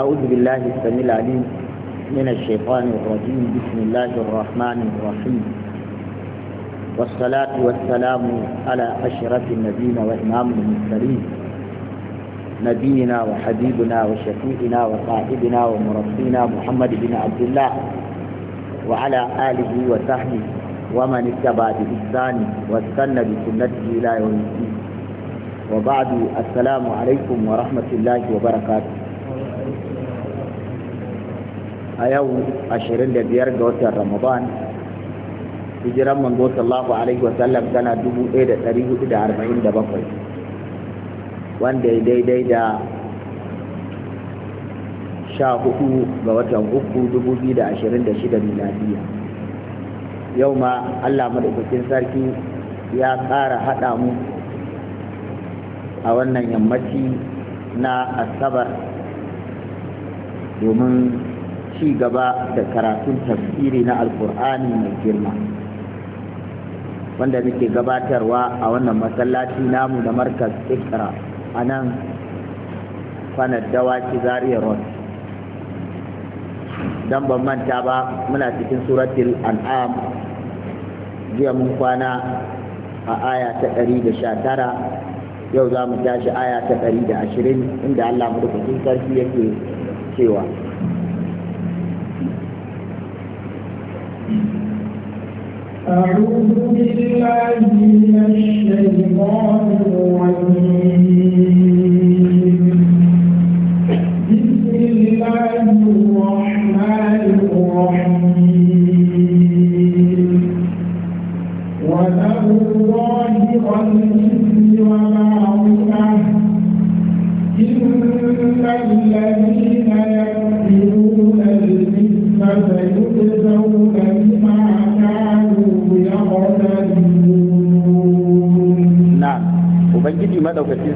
أعوذ بالله السميع العليم من الشيطان الرجيم بسم الله الرحمن الرحيم والصلاة والسلام على أشرف النبيين وإمام المرسلين نبينا وحبيبنا وشفيعنا وقائدنا ومربينا محمد بن عبد الله وعلى آله وصحبه ومن اتبع بإحسان واستنى بسنته إلى يوم الدين وبعد السلام عليكم ورحمة الله وبركاته a yau 25 ga watan ramadan hijiran manzo sallallahu alaihi wasallam tana 1447 wanda ya daidai da 14 ga watan uku 2026 miladiya yau ma allah madaukakin sarki ya ƙara haɗa mu a wannan yammaci na asabar domin ci gaba da karatun tafsiri na alkur'ani mai girma wanda muke gabatarwa a wannan masallaci namu da markaz ikra a nan kwanar dawaki zariya road don ban manta ba muna cikin suratul an'am jiya mun kwana a aya ta 119 yau za mu tashi aya ta 120 inda allah mu sarki yake cewa أعوذ بالله من الشيطان الرجيم بسم الله الرحمن الرحيم وله ظاهرا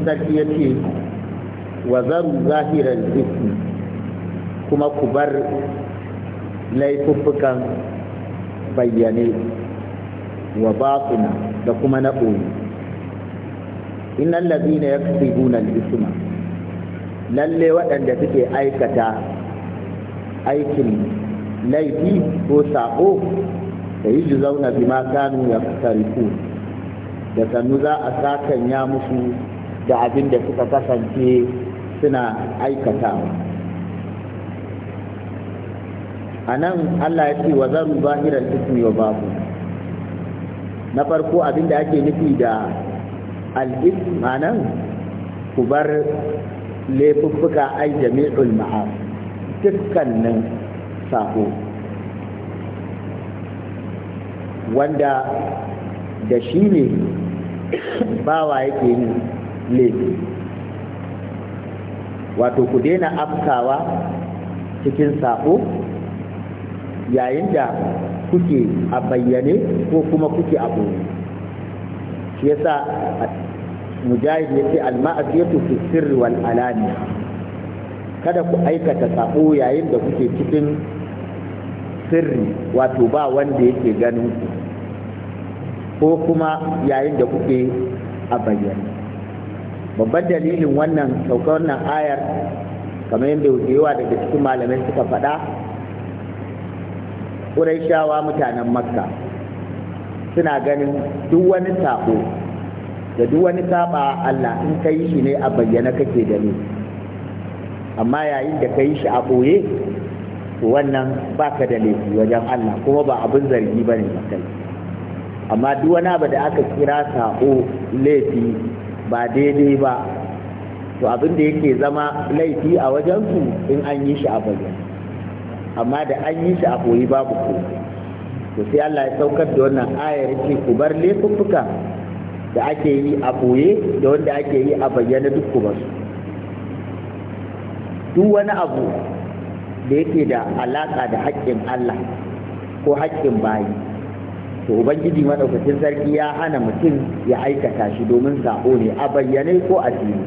sarki ya ce wa zaru zahirar ismi kuma ku bar laifuffukan bayyane wa batina da kuma na ɓoye innan na ya fi isma lalle waɗanda suke aikata aikin laifi ko saƙo da yi zauna bi ma kanu ya da sannu za a sakanya musu da abin da suka kasance suna aikatawa a nan Allah ya ce wa zaru zahirar ismi wa babu na farko abin da ake nufi da al-ism nan ku bar laifuffuka ai jami'ul ma'af dukkanin sako wanda da shi ne bawa yake yin laifi wato ku daina afkawa cikin sako yayin da kuke a bayyane ko kuma kuke a ɓoye shi yasa mujahid ya ce alma'asiyatu fi sirri wal alani kada ku aikata sako yayin da kuke cikin sirri wato ba wanda yake ganin ku ko kuma yayin da kuke a bayyane babban dalilin wannan saukar wannan ayar kamar yadda yawa daga cikin malamai suka faɗa ƙuraishawa mutanen makka suna ganin duk wani sabo da duk wani saba Allah in ka yi shi ne a bayyana kake da ni? amma yayin da ka yi shi a ɓoye to wannan baka da laifi wajen Allah kuma ba abin zargi ba ne kai amma duk wani abu da aka kira sabo laifi ba daidai ba to abin da yake zama laifi a wajensu in an yi shi a bayan amma da an yi shi a koyi babu ko to sai Allah ya saukar da wannan ayar ce ku bar laifuffuka da ake yi a koye da wanda ake yi a bayyana duk ku basu duk wani abu da yake da alaƙa da haƙƙin Allah ko haƙƙin bayi to ubangiji madaukakin sarki ya hana mutum ya aikata shi domin sabo ne a bayyane ko a fili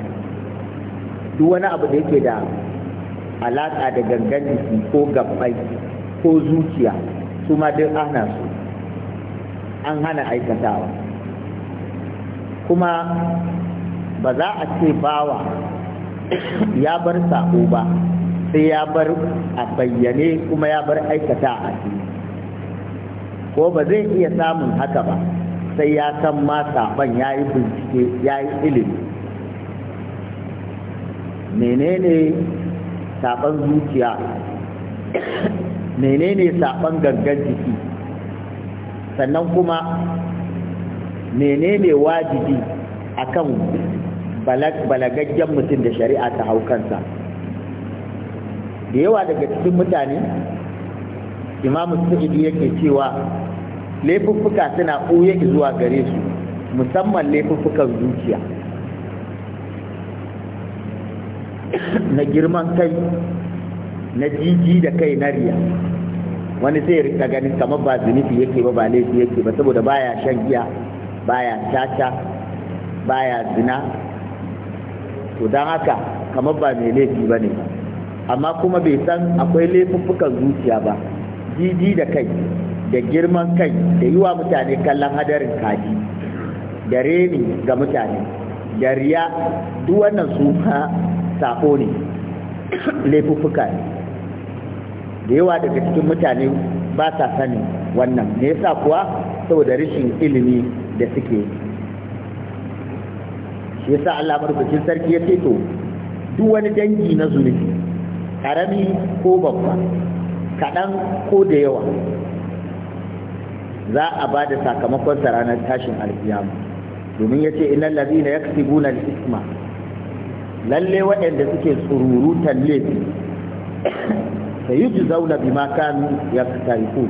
duk wani abu da yake da alaka da gangan jiki ko gabbai ko zuciya su ma duk ana su an hana aikatawa kuma ba za a ce bawa ya bar sabo ba sai ya bar a bayyane kuma ya bar aikata a fili ko ba zai iya samun haka ba sai ya san ma saban ya yi bincike ya yi ilimi menene saban zuciya menene saban gangan jiki sannan kuma menene wajibi akan balagaggen mutum da shari'a ta hau kansa da yawa daga cikin mutane imamu sa'idi yake cewa laifuffuka suna ɓoye zuwa gare su musamman laifuffukan zuciya na girman kai na jiji da kai na riya wani sai rika gani kamar ba zunubi yake ba ba laifi yake ba saboda baya shan giya baya caca baya zina to don haka kamar ba mai laifi ba ne amma kuma bai san akwai laifuffukan zuciya ba didi da kai da girman kai da yi wa mutane kallon hadarin kaji da reni ga mutane da riya duk wannan su ha sako ne laifuffuka ne da yawa daga cikin mutane ba sa sani wannan me yasa kuwa saboda rashin ilimi da suke shi yasa Allah madaukakin sarki ya ce to duk wani dangi na zunubi karami ko babba kaɗan ko da yawa za a ba da sakamakon sa ranar tashin alkiyama domin ya ce inan na ya kasibuna isma lalle waɗanda suke tsururutan laifi ta yi ji zauna bi ya tariku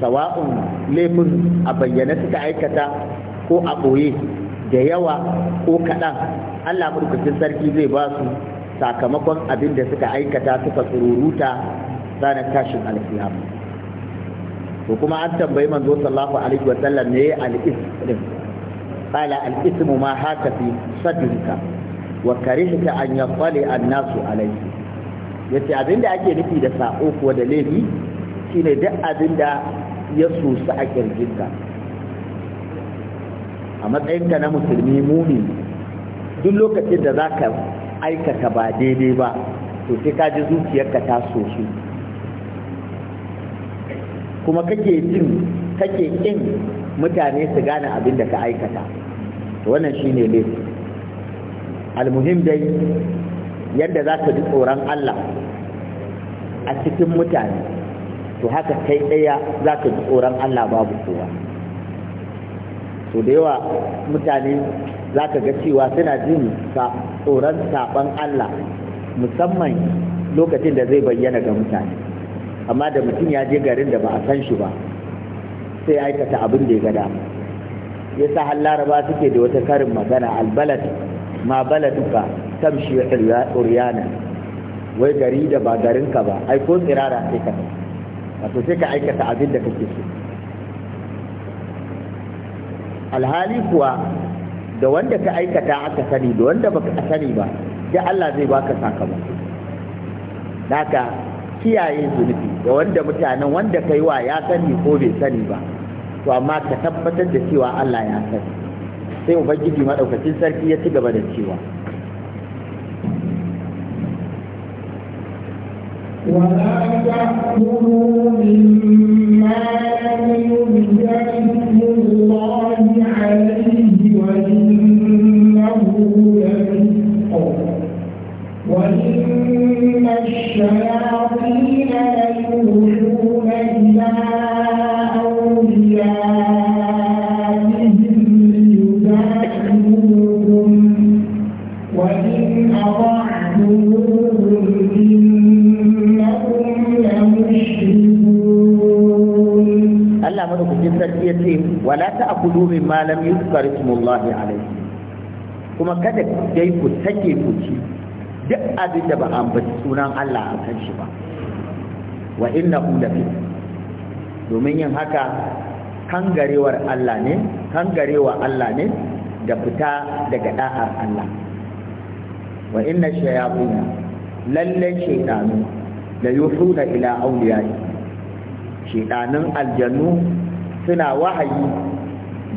sawa'un laifin a bayyana suka aikata ko a ɓoye da yawa ko kaɗan allah mulkucin sarki zai ba su sakamakon abin da suka aikata suka tsururuta ranar tashin alkiyama to kuma an tambayi manzo sallallahu alaihi wa sallam ne al-ism qala al ma haka fi sadrika wa karihta an yatali an-nasu alayhi yace abinda ake nufi da sako ko da laifi shine duk abinda ya susu a kirjinka a matsayinka na musulmi muni, duk lokacin da za ka aikata ba daidai ba to sai ka ji zuciyarka ta soso kuma kake jin kake kin mutane su gane abin da ka aikata wannan shine ne almuhim dai yadda za ka ji tsoron Allah a cikin mutane to haka kai ɗaya za ka ji tsoron Allah babu kowa to da yawa mutane za ka ga cewa suna jin tsoron saɓon Allah musamman lokacin da zai bayyana ga mutane amma da mutum ya je garin da ba a san shi ba sai ya aikata abin da ya ga ya yasa har laraba suke da wata karin magana albalad ma baladuka tamshi uriyana wai gari da ba garinka ba ai ko tsirara sai ka wato sai ka aikata abin da kake so alhali kuwa da wanda ka aikata aka sani da wanda baka sani ba da Allah zai baka sakamako naka kiyaye zunubi ga wanda mutanen wanda kai wa ya sani ko bai sani ba to amma ka tabbatar da cewa Allah ya sani sai ubangiji maɗaukacin sarki ya ci gaba da cewa ولا تأكلوا مما لم يذكر الله عليه الشياطين ليوحون إلى أوليائهم وإن لمشركون ولا تأكلوا مما لم يذكر اسم الله عليه كما كتب كيف ku sake abin da ba ambaci sunan Allah a kan shi ba wa inna da domin yin haka kangarewar Allah ne garewa Allah ne da fita daga da'ar Allah wa inna shayatina lalle shaytanu la yufuna ila awliyai shaytanin aljannu suna wahayi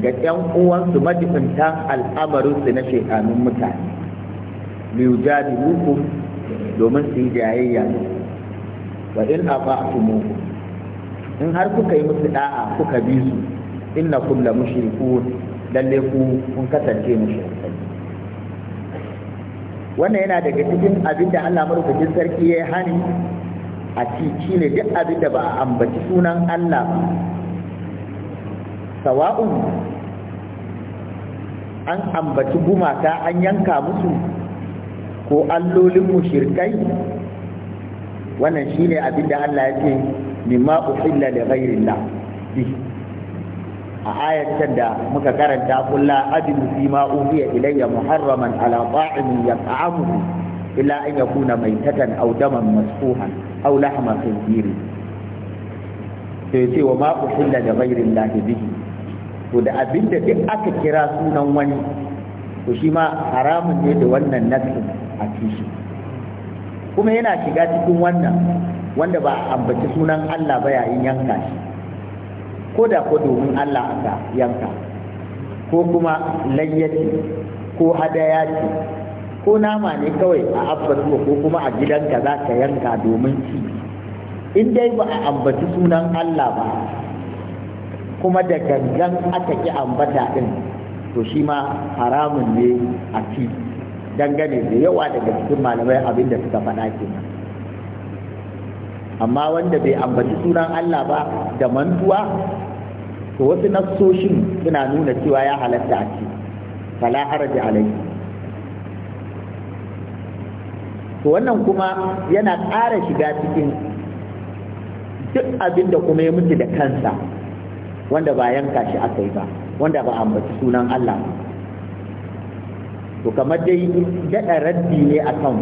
ga ƴan uwansu majibintan al'amarinsu na shaytanun mutane hukum domin su yi jayayya wa in ata'tumu in har kuka yi musu da'a kuka bi su inna la mushrikun lalle ku kun kasance mushrikai wannan yana daga cikin abin da Allah madaukakin sarki ya hani a ci shi ne duk abin da ba a ambaci sunan Allah ba sawa'un an ambaci gumata an yanka musu ko allolin mushrikai wannan shine abin da Allah ya ce mimma uhilla li ghairillah a ayatan da muka karanta kulla ajidu fi ma uhiya ilayya muharraman ala ta'imin yat'amuhu illa an yakuna maitatan aw daman masfuhan aw lahma khinzirin sai ce wa ma uhilla li ghairillah bihi to da abinda duk aka kira sunan wani to shi ma haramun ne da wannan nasin a kishi kuma yana shiga cikin wannan wanda ba a ambaci sunan Allah ba yayin yanka shi ko da ko domin Allah aka yanka ko kuma layyaci ko hadaya ce ko nama ne kawai a abbasu ko kuma a gidanka za ka yanka domin ci in dai ba a ambaci sunan Allah ba kuma da gangan aka ki ambata din to shi ma haramun ne a ci dangane da yawa daga cikin malamai abin da suka faɗa ke amma wanda bai ambaci sunan Allah ba da mantuwa to wasu nassoshin suna nuna cewa ya halatta a ci fala haraji alaihi to wannan kuma yana ƙara shiga cikin duk abin da kuma ya mutu da kansa wanda ba yanka shi aka yi ba wanda ba ambaci sunan Allah to kamar dai daɗa raddi ne a akan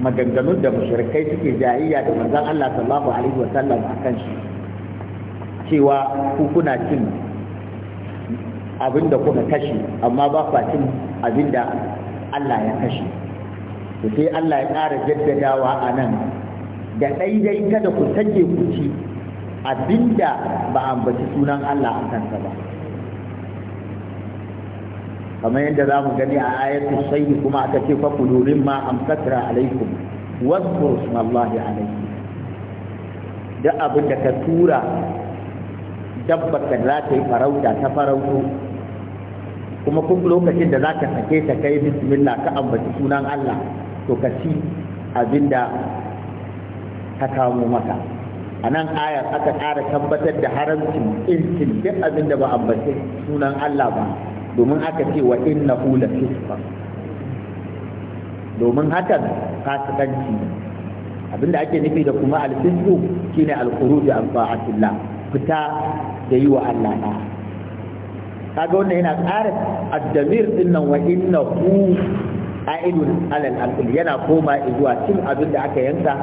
maganganun da mushrikai suke jayayya da manzon Allah sallallahu alaihi wa sallam akan shi cewa ku kuna cin abin da kuka kashe amma ba ku cin abin Allah ya kashe to sai Allah ya ƙara jaddadawa a nan da daidai kada ku take ku ci abinda ba ambaci sunan Allah a kansa ba kamar yadda za mu gani a ayatul sayyi kuma aka ce fa kulurin ma amsakra alaikum wadhkur smallahi alaikum da abin da ka tura dabbar da za ta yi farauta ta farauto kuma kun lokacin da za ka sake ta kai bismillah ka ambaci sunan Allah to ka ci abin da ka kamo maka a nan ayar aka ƙara tabbatar da haramcin incin duk abin da ba ambaci sunan Allah ba domin aka ce wa inna hula fisqa domin hakan fasikanci abinda ake nufi da kuma alfisqu shine alkhuruj an ta'atillah fita da yi wa Allah da kaga wannan yana ƙara addamir din nan wa inna hu a'idun alal alqul yana koma zuwa cin abin da aka yanka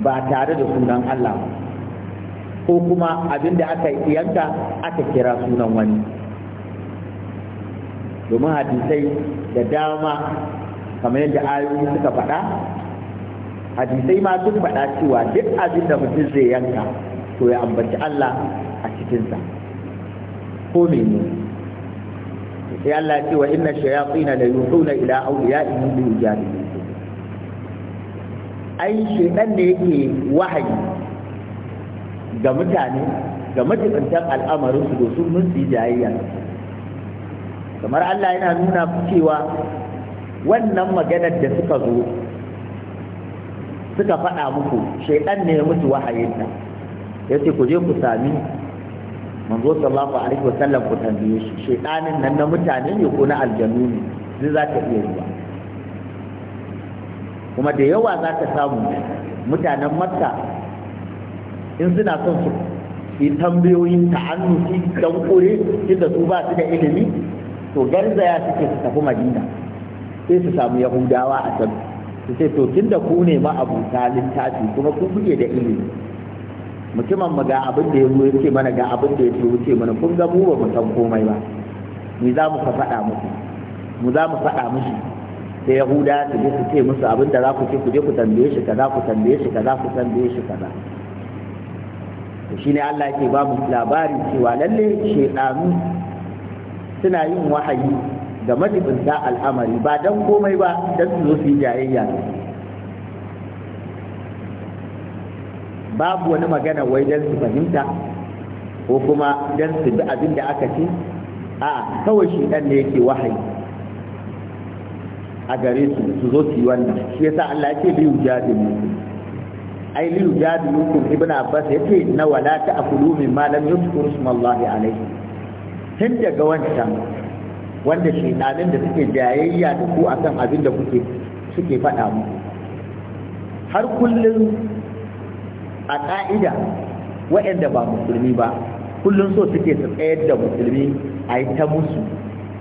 ba tare da sunan Allah ko kuma abin da aka yanka aka kira sunan wani domin hadisai da dama kamar yadda ayoyi suka faɗa hadisai ma sun faɗa cewa duk abin da mutum zai yanka to ya ambaci Allah a cikinsa ko menene? sai Allah ya ce wa inna shayatin la yuhuna ila awliya'i min ujadihim ai shedan ne yake wahayi ga mutane ga matukantan al'amarin su mun su yi jayayya kamar Allah yana nuna cewa wannan maganar da suka zo suka faɗa muku shaidan ne ya mutu wahayinta ya ce ku je ku sami manzo sallallahu alaihi wasallam ku tambaye shi shaidanin nan na mutane ne ko na aljanu ne zai za ta iya zuwa kuma da yawa za ka samu mutanen makka in suna son su yi tambayoyin ta'annusi don kure inda su ba su da ilimi to garzaya suke su tafi madina sai su samu yahudawa a can su ce to tunda ku ne ma abuta littafi kuma ku kuke da ilimi mutumin mu ga abin da ya zo ya mana ga abin da ya zo wuce mana kun ga mu ba mu san komai ba ni za mu faɗa muku mu za mu faɗa mushi sai yahuda su je su ce musu abin da za ku ce ku je ku tambaye shi kaza ku tambaye shi kaza ku tambaye shi kaza to shine Allah yake ba mu labari cewa lalle shedanu suna yin wahayi ga madibinta al'amari ba don komai ba don su zo su yi jayayya babu wani magana wai don su fahimta ko kuma don su bi abin da aka ce a kawai shi dan ne yake wahayi a gare su su zo su yi wannan shi yasa Allah ya ce liyu jadilu ai liyu jadilu ibn Abbas yace na wala ta akulu min ma lam yuzkur ismallahi alayhi tun daga wancan wanda shedanin da suke jayayya da ku akan abin da kuke suke faɗa muku har kullum a ƙa'ida wa'anda ba musulmi ba kullum so suke su tsayar da musulmi a yi ta musu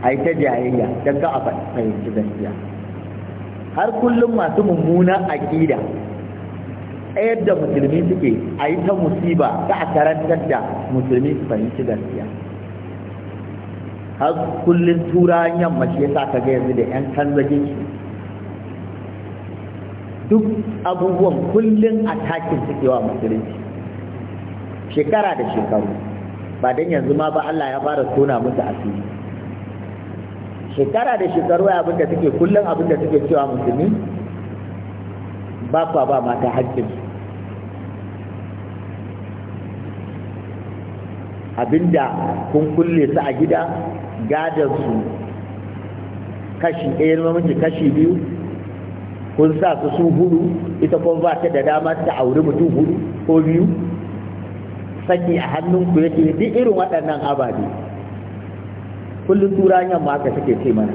a yi ta jayayya don ka a fahimci gaskiya har kullum masu mummunan aƙida tsayar da musulmi suke a yi ta musiba ta a karantar da musulmi su fahimci gaskiya har kullum turawan yamma shi yasa ka ga yanzu da yan kanzage shi duk abubuwan kullum a takin suke wa musulunci shekara da shekaru ba don yanzu ma ba Allah ya fara tona musu asiri shekara da shekaru ya abinda suke kullum abinda suke cewa musulmi ba kwa ba mata haƙƙinsu abinda kun kulle su a gida gadansu kashi ɗaya mamaci kashi biyu kun sa su su hudu ita kuma ba ta da dama ta auri mutum hudu ko biyu saki a hannunku yake duk irin waɗannan ababe kullum turanyan ma haka take ce mana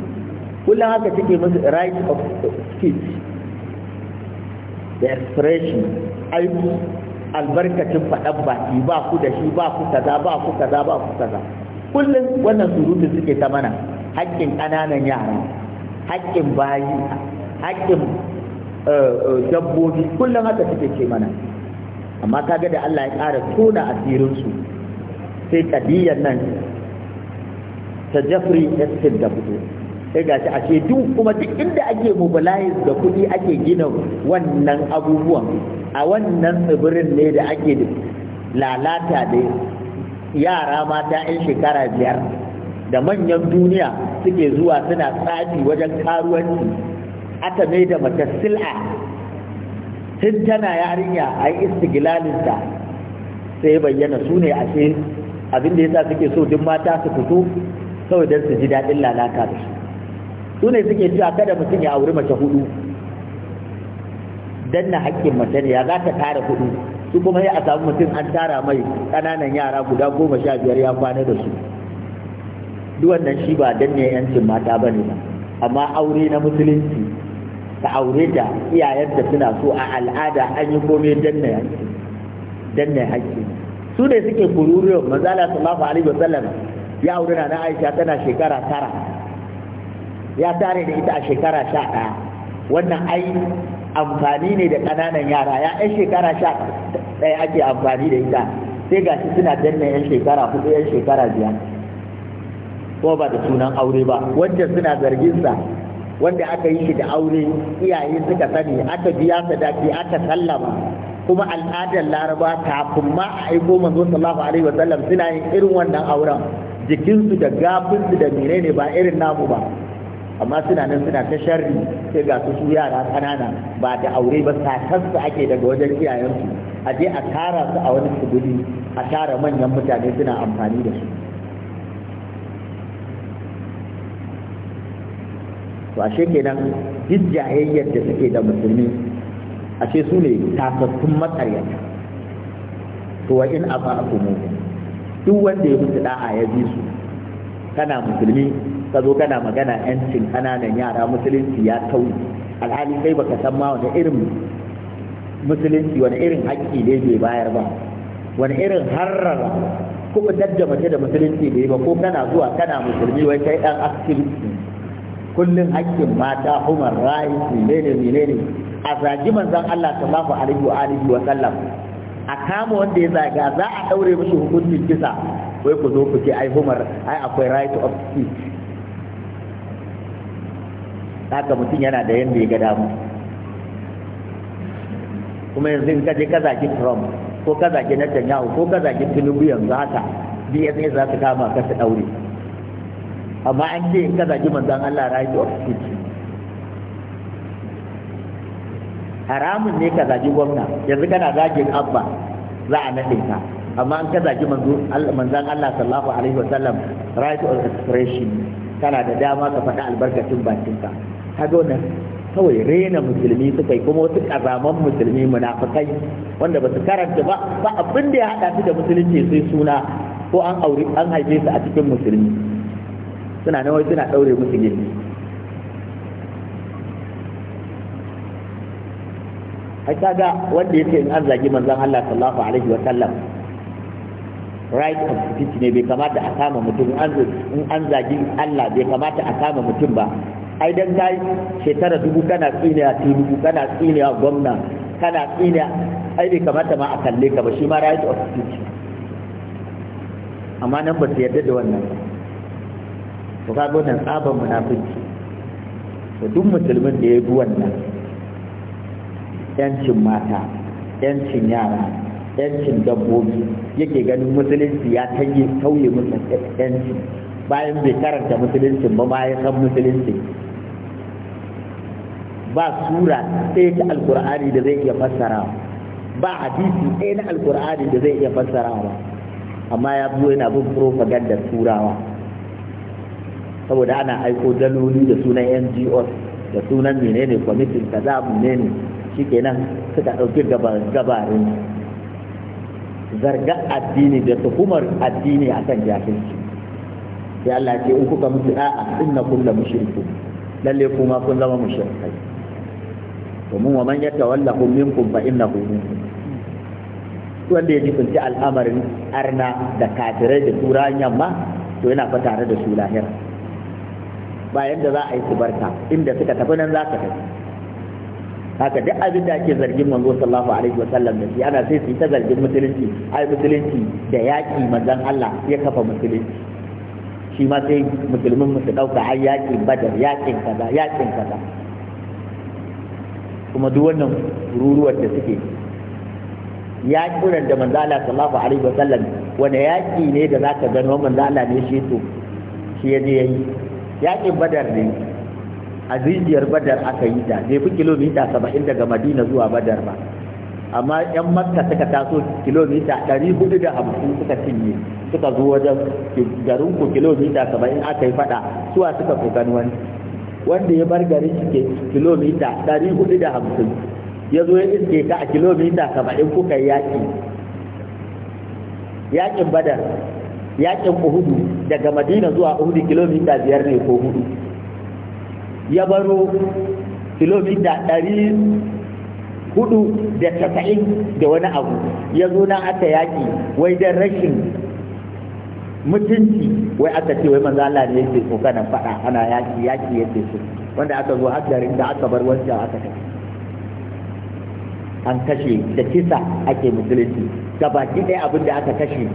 kullum haka take musu right of speech da expression aiki albarkacin faɗan baki ba ku da shi ba ku kaza ba ku kaza ba ku kaza kullum wannan surutun suke ta mana haƙƙin ƙananan yara haƙƙin bayi haƙƙin eh, eh, dabbobi kullum haka suke ce mana amma kaga da Allah ya ƙara tona asirinsu sai kadiyar nan ta Jeffrey Epstein da fito sai ga shi a ce, duk kuma duk inda ake mobilize da kuɗi ake gina wannan abubuwan a wannan tsibirin ne da ake lalata da yara mata 'yan shekara biyar da manyan duniya suke zuwa suna tsafi wajen karuwanci aka mai da mace sil'a tun tana yarinya a yi istigilalinta sai bayyana su ne ashe abin da sa suke so duk mata su fito kawai don su ji daɗin lalata da su su ne suke cewa kada mutum ya auri mace hudu danna haƙƙin mace ne ya za ta tara hudu su kuma ya a samu mutum an tara mai ƙananan yara guda goma sha biyar ya kwana da su duk wannan shi ba danne yancin mata ba ne ba amma aure na musulunci ta aure ta iyayenta suna so a al'ada an yi komai danne yancin danne haƙƙi su ne suke kururuwa manzala sallallahu alaihi wasallam ya aure na na Aisha tana shekara tara ya tare da ita a shekara sha ɗaya wannan ai amfani ne da ƙananan yara ya ɗan shekara sha ɗaya ake amfani da ita sai ga shi suna danna yan shekara kuɗi yan shekara biyar ko ba da sunan aure ba wanda suna zarginsa wanda aka yi shi da aure iyaye suka sani aka biya sadaki aka sallama kuma al'adar laraba kafin ma a aiko manzo sallallahu alaihi wa sallam suna yin irin wannan auren jikinsu da gafinsu da menene ba irin namu ba amma suna nan suna ta sharri sai ga su yara ƙanana ba da aure ba sakansu ake daga wajen iyayensu a je a tara su a wani tsibiri a tara manyan mutane suna amfani da su to ashe kenan duk jayayyar da suke da musulmi ashe su ne tasassun matsaryata to wa in a mu duk wanda ya mutu da'a ya bi su kana musulmi ka zo kana magana yancin kananan yara musulunci ya tauye alhali kai baka san ma wani irin musulunci wani irin haƙƙi ne bai bayar ba wani irin harrara kuma dadda mace da musulunci ne ba ko kana zuwa kana musulmi wai kai dan activist Kullum haƙƙin mata human rights menene menene a zagi manzon Allah sallallahu alaihi wa alihi wa sallam a kama wanda ya zaga za a daure mishi hukuncin kisa wai ku zo ku ce ai Umar ai akwai right of speech haka mutum yana da yanda ya ga damu kuma yanzu in kaje ka zaki Trump ko ka zaki Netanyahu ko ka zaki Tinubu yanzu haka DNA za su kama ka su daure amma an ce in ka zaki manzon Allah right of speech haramun ne ka zaki gwamna yanzu kana zagin abba za a nade ka amma an ka zaki manzon Allah sallallahu alaihi wa sallam, right of expression kana da dama ka faɗi albarkacin bakinka kaga wannan kawai rena musulmi suka yi kuma wasu kazaman musulmi munafikai wanda ba su karanta ba ba abin da ya haɗa su da musulunci sai suna ko an aure an haife su a cikin musulmi suna nawa suna ɗaure musu gini ai kaga wanda yake in an zagi manzon Allah sallallahu alaihi wa sallam right of speech ne bai kamata a kama mutum in an zagi Allah bai kamata a kama mutum ba ai dan kai shekara dubu kana tsine a tinubu kana tsine a gwamna kana tsine ai bai kamata ma a kalle ka ba shi ma right of speech amma nan ba su yarda da wannan Ba ka ga wannan tsaban munafiki to duk musulmin da ya bi wannan yancin mata yancin yara yancin dabbobi yake ganin musulunci ya tauye musulunci 'yancin, bayan bai karanta musulunci ba ma ya san musulunci ba sura ɗaya ta alkur'ani da zai iya fassara ba hadisi ɗaya na alkur'ani da zai iya fassara ba amma ya buwa yana bin propaganda turawa saboda ana aiko daloli da sunan ngos da sunan menene kwamitin kaza menene shikenan suka ɗauki gabarin zarga addini da tuhumar addini a akan jahilci sai Allah ce in kuka mutu a'a inna la mushrikun lalle kuma kun zama mushrikai domin wa man yatawallahu minkum fa innahu minkum wanda ya jikunci al'amarin arna da kafirai da turan yamma to yana fa tare da su lahira bayan da za a yi su barka inda suka tafi nan za ka tafi haka duk abin da ake zargin manzo sallallahu alaihi wasallam da shi ana sai su ta zargin musulunci ai musulunci da yaki manzon Allah ya kafa musulunci shi ma sai musulmin musu dauka ai yaki badar yakin kaza yakin kaza kuma duk wannan ruruwar da suke yaƙunan da manzo Allah sallallahu alaihi wa sallam wanda yaƙi ne da zaka gano manzo Allah ne shi to shi ya je yayi yaƙin badar ne a badar aka yi ta bai fi kilomita saba'in daga madina zuwa badar ba amma yan makka suka taso kilomita ɗari hudu da hamsin suka cinye suka zo wajen garin ku kilomita saba'in aka yi faɗa suwa suka fi wani wanda ya bar gari shi kilomita ɗari hudu da hamsin ya zo ya iske ka a kilomita saba'in kuka yaƙi yaƙin badar yaƙin uhudu daga madina zuwa uhudu kilomita biyar ne ko hudu ya baro kilomita ɗari hudu da saba'in da wani abu ya zo na aka yaƙi wai don rashin mutunci wai aka ce wai manzo Allah ne yake so kana fada ana yaki yaki yake so wanda aka zo har inda aka bar wancan aka kashe. an kashe da kisa ake musulunci gabaki ɗaya abin da aka kashe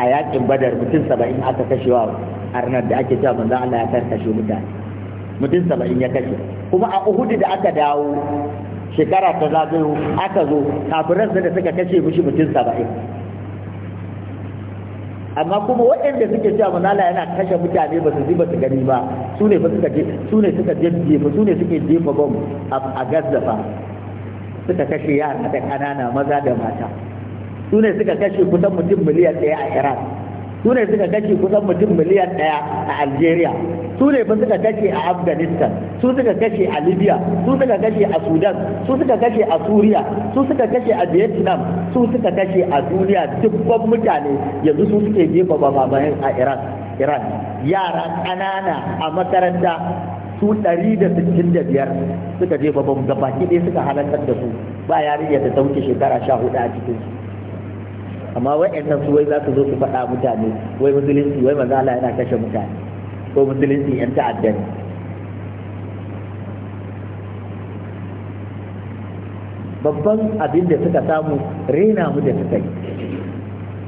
a yakin badar mutum saba'in aka kashe wa arnar da ake cewa manzo Allah ya kashe mutane mutum saba'in ya kashe kuma a uhudu da aka dawo shekara ta zagayo aka zo kafiran da suka kashe mushi mutum saba'in amma kuma waɗanda suke cewa manala yana kashe mutane ba su ji ba su gani ba su ne suka je su ne suka jefa su ne suke jefa bom a gaza ba suka kashe yara da ƙanana maza da mata su ne suka kashe kusan mutum miliyan ɗaya a iran su ne suka kashe kusan mutum miliyan ɗaya a algeria su ne ba suka kashe a afghanistan su suka kashe a libya su suka kashe a sudan su suka kashe a suriya su suka kashe a vietnam su suka kashe a duniya dubban mutane yanzu su suke jefa babamayin a iran iran yara ƙanana a makaranta su 165 suka jefa ba baki ɗaya suka halartar da su ba yarinya da ta wuce shekara hudu a cikinsu amma wa'annan su wai za su zo su faɗa mutane wai musulunci wai maza yana kashe mutane ko musulunci yan ta'adda ne babban abin da suka samu rena mu da suka yi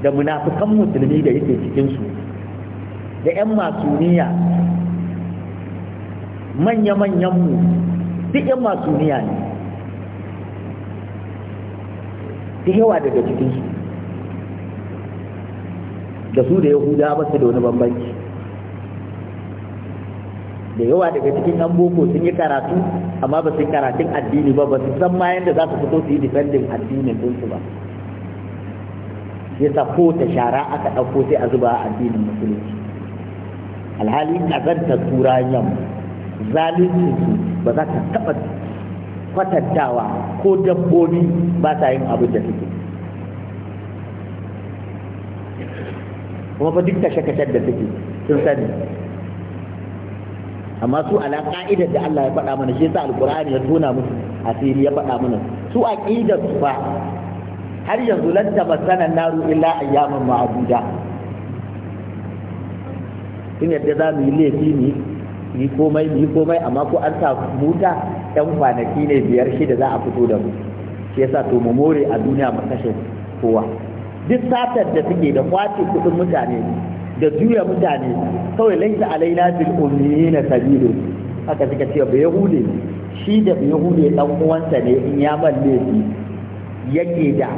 da munafukan musulmi da yake cikinsu da 'yan masuniya manya-manyan mu duk 'yan masuniya ne da yawa daga cikinsu da su da yahuda ba su da wani bambanci da yawa daga cikin yan boko sun yi karatu amma ba su karatun addini ba ba su san ma yadda za su fito su yi defending addinin ɗinsu ba yasa ko ta shara aka ɗauko sai a zuba addinin musulunci alhali ƙazantar turanyan zalunci ba za ka taɓa kwatantawa ko dabbobi ba sa yin abin da suke kuma fa duk kashe-kashen da suke sun sani amma su ala ka'idar da Allah ya faɗa mana shi yasa alqur'ani ya tona musu asiri ya faɗa mana su aqidar su fa har yanzu lan tabassana naru illa ayyaman ma'duda in yadda za mu yi laifi ne yi komai yi komai amma ko an sa muta ɗan kwanaki ne biyar shida za a fito da mu shi yasa to mu more a duniya mu kashe kowa duk satar da suke da kwace kudin mutane da juya mutane kawai laisa alaina bil ummiyina sabilu haka suka ce ba hude. shi da ba hude dan uwansa ne in ya balle shi yake da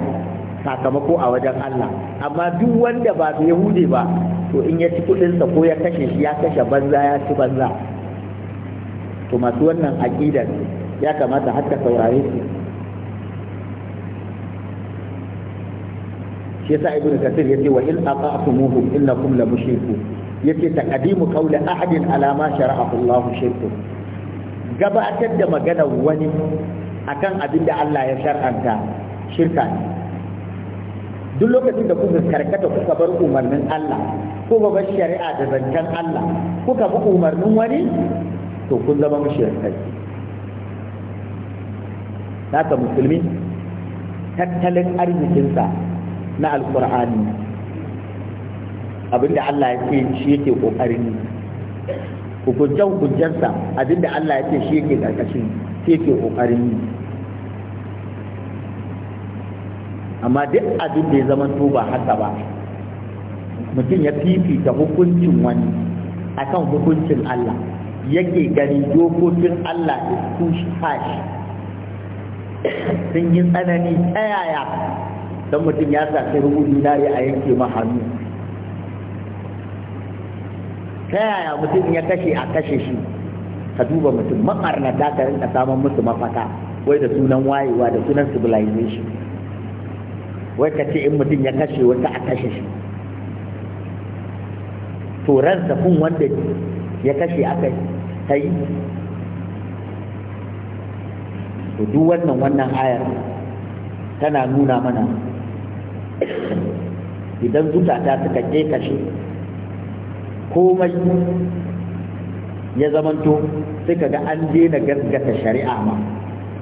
sakamako a wajen Allah amma duk wanda ba ba hude ba to in ya ci kuɗinsa ko ya kashe shi ya kashe banza ya ci banza to masu wannan aqidar ya kamata hatta saurare su shi yasa ibnu kasir yace wa in aqa'tumuhum innakum la mushrikun yace taqdimu qawli ahadin ala ma shara'ahu Allah shirku gabatar da maganar wani akan abin da Allah ya shar'anta shirka ne duk lokacin da kuka karkata kuka bar umarnin Allah ko ba bar shari'a da zancen Allah kuka bi umarnin wani to kun zama mushrikai haka musulmi tattalin arzikinsa na alkur'ani abinda Allah ya ce shi yake kokarin hukuncen hukuncensa abinda Allah ya ce shi yake karkashin shi yake kokarin yi amma duk abin da ya zama to ba haka ba mutum ya fifita hukuncin wani akan hukuncin Allah yake gani dokokin Allah da sun shi sun yi tsanani ta yaya don mutum ya sa sai rubu dinari a yanke ma hannu ta yaya mutum ya kashe a kashe shi ka duba mutum makarnata ka rinka samun musu mafaka wai da sunan wayewa da sunan civilization wai ka ce in mutum ya kashe wata a kashe shi to ransa kun wanda ya kashe aka ta yi to duk wannan wannan ayar tana nuna mana idan zukata suka kashe komai ya zamanto suka ga an daina gaskata shari'a ma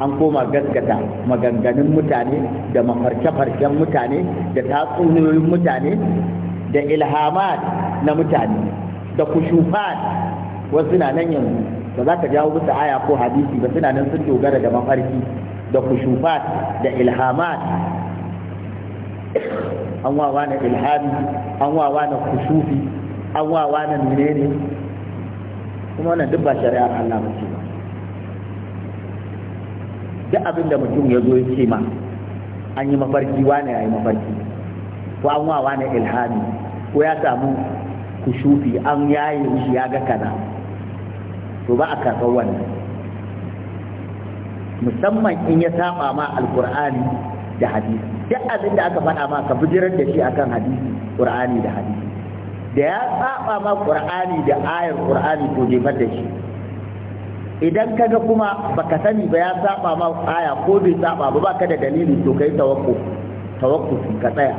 an koma gaskata maganganun mutane da mafarke-farken mutane da tatsuniyoyin mutane da ilhamat na mutane da kushufat wasu na nan yanzu ba za ka jawo musu aya ko hadisi ba suna nan sun dogara da mafarki da kushufat da ilhamat an wawa na ilhami an wawa na kusufi an wawa na menene kuma wannan duk ba shari'ar Allah ba ce da abin da mutum ya zo ya ce ma an yi mafarki wane ya yi mafarki ko an wawa na ilhami ko ya samu kusufi, an yaye shi ya ga kana, to ba a karɓar wannan musamman in ya saba ma alkur'ani da hadisi duk abin da aka faɗa ma ka bijirar da shi akan hadisi qur'ani da hadisi da ya saba ma qur'ani da ayar qur'ani to jefar da shi idan kaga kuma baka sani ba ya saba ma aya ko bai saba ba baka da dalili to kai tawakku tawakku ka tsaya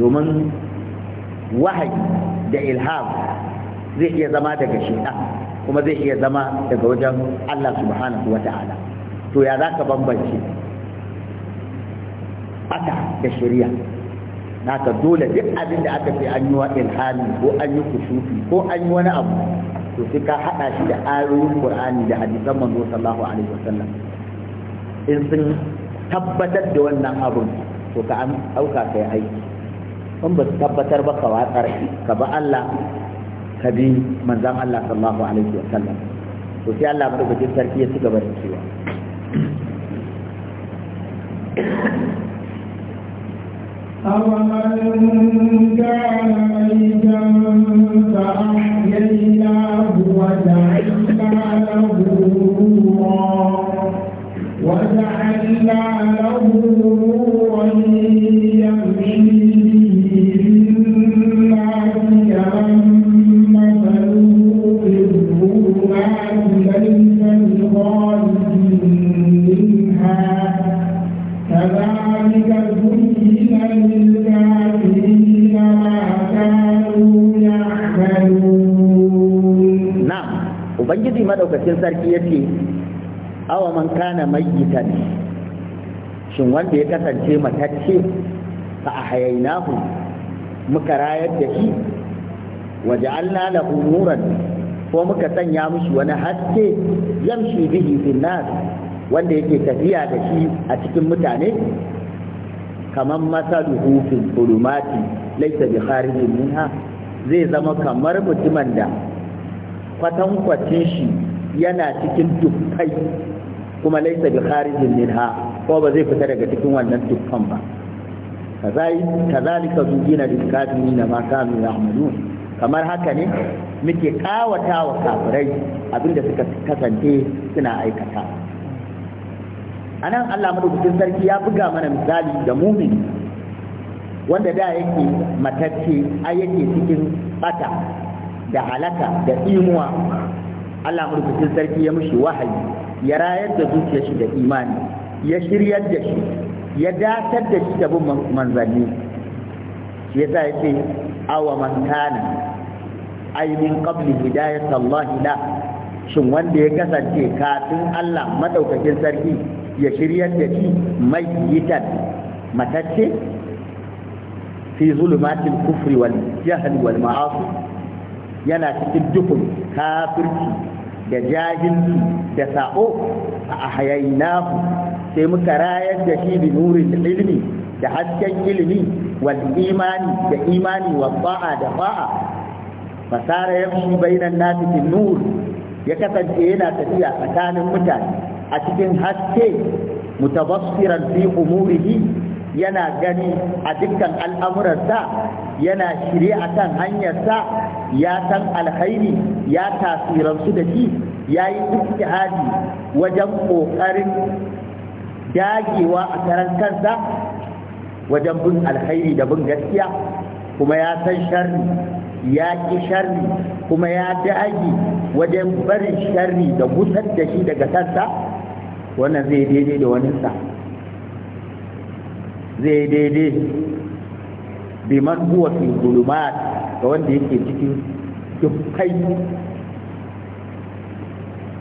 domin wahayi da ilham zai iya zama daga shi'a kuma zai iya zama daga wajen Allah subhanahu wa ta'ala to ya za ka bambance ɓata da shirya naka dole duk abin da aka fi an yi wa ilhami ko an yi kusufi ko an yi wani abu to sai ka haɗa shi da ayoyin qur'ani da hadisan manzo sallallahu alaihi wasallam in sun tabbatar da wannan abun to ka an ɗauka ka yi aiki in ba su tabbatar ba ka watsar ka ba Allah ka bi manzon Allah sallallahu alaihi wasallam to sai Allah ya madaukakin sarki ya ci gaba da cewa أَوَمَنْ كَانَ مَيْتًا فَأَحْيَيْنَاهُ وَجَعَلْنَا لَهُ نُورًا وَجَعَلْنَا لَهُ يَمْشِي بِهِ ubangiji madaukakin sarki yace awa man kana mayyitan shin wanda ya kasance matacce fa ahyaynahu muka rayar da shi waje lahu nuran ko muka sanya mishi wani haske yamshi bihi fil wanda yake tafiya da shi a cikin mutane kamar masaluhu fil zulumati laysa bi kharijin minha zai zama kamar mutumin da kwatankwacin shi yana cikin dukkai kuma laisa bi kharijin minha ko ba zai fita daga cikin wannan dukkan ba kazalika zujina lil kafirin ma kanu ya'malun kamar haka ne muke kawata wa kafirai abinda suka kasance suna aikata anan Allah madaukakin sarki ya buga mana misali da mumini wanda da yake matacce a yake cikin bata da halaka da imuwa Allah mulkin sarki ya mushi wahayi ya rayar da zuciyar shi da imani ya shiryar da shi ya datar da shi da bin manzanni shi yasa ya ce awa man kana ay min qabli hidayat Allah la shin wanda ya kasance kafin Allah madaukakin sarki ya shiryar da shi mai yitan matacce fi zulumatil kufri wal jahl wal ma'asi yana cikin duhun kafirci da jahilci da sa'o a ahayainahu sai muka rayar da shi bi nurin ilmi da hasken ilmi wal imani da imani wa ba'a da ba'a fasara yamshi bainan nasi fil nur ya kasance yana tafiya tsakanin mutane a cikin haske mutabassiran fi umurihi yana gani a dukkan al'amuransa yana shirye a kan hanyarsa ya san alkhairi ya tasiransu da shi ya yi istihadi wajen ƙoƙarin dagewa a karan kansa wajen bin alkhairi da bin gaskiya kuma ya san sharri ya ƙi sharri kuma ya dage wajen barin sharri da gusar da shi daga kansa wannan zai daidai da waninsa. zai daidai bi man fi ga wanda yake cikin dukkai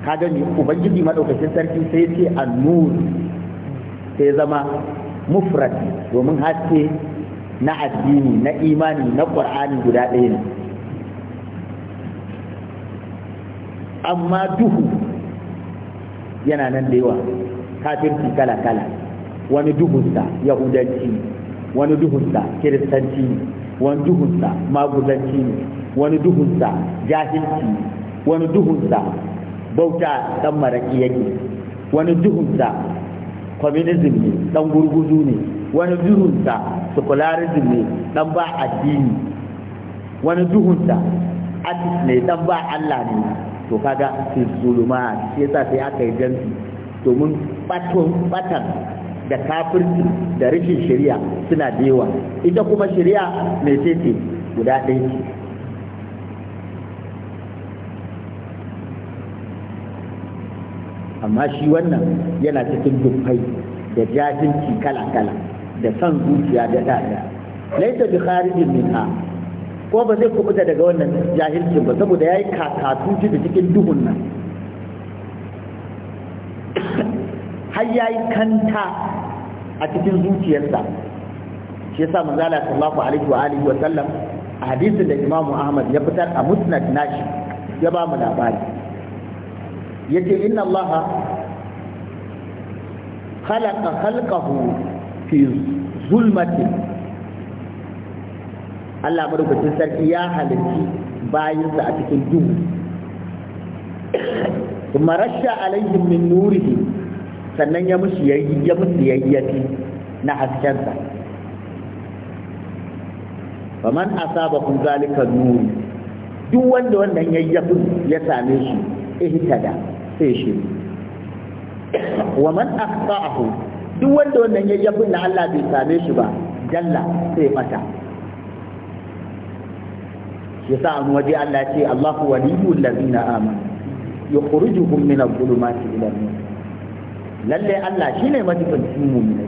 ka gani ubangiji maɗaukacin sarki sai ce annur sai zama mufrad domin haske na addini na imani na qur'ani guda ɗaya ne amma duhu yana nan da yawa kafirci kala-kala wani duhunsa yahudanci ne wani duhunsa kiristanci ne wani duhunsa maguzanci ne wani duhunsa jahilci ne wani duhunsa bauta dan maraki yake wani duhunsa communism ne dan gurguzu ne wani duhunsa secularism ne dan ba addini wani duhunsa artist ne dan ba Allah ne to kaga fi zuluma shi yasa sai aka yi jam'i domin batun batan da kafirci da rashin shari'a suna da yawa ita kuma shari'a mai tete guda ɗaya ce amma shi wannan yana cikin dukkai da jahilci kala-kala da son zuciya da dada laita da kharijin ha ko ba zai kubuta daga wannan jahilcin ba saboda yayi kakatuci da cikin duhun nan har yayi kanta a cikin zuciyarsa shi yasa manzo Allah sallallahu alaihi wa alihi wa sallam a hadisin da Imam Ahmad ya fitar a Musnad nashi ya ba mu labari yace inna Allah khalaqa khalqahu fi zulmatin Allah madaukakin sarki ya halarci bayinsa a cikin duhu kuma rasha alaihim min nurihi sannan ya musu ya musu yayyafi na haskensa asaba kun zalika nuri duk wanda wannan yayyafin ya same shi ihtada sai shi wa man akhta'ahu duk wanda wannan yayyafin na Allah bai same shi ba jalla sai mata shi sa an waje Allah ce Allahu waliyul ladina amanu yukhrijuhum min adh-dhulumati ila an-nur lalle Allah shi matukan majibancin mu'minai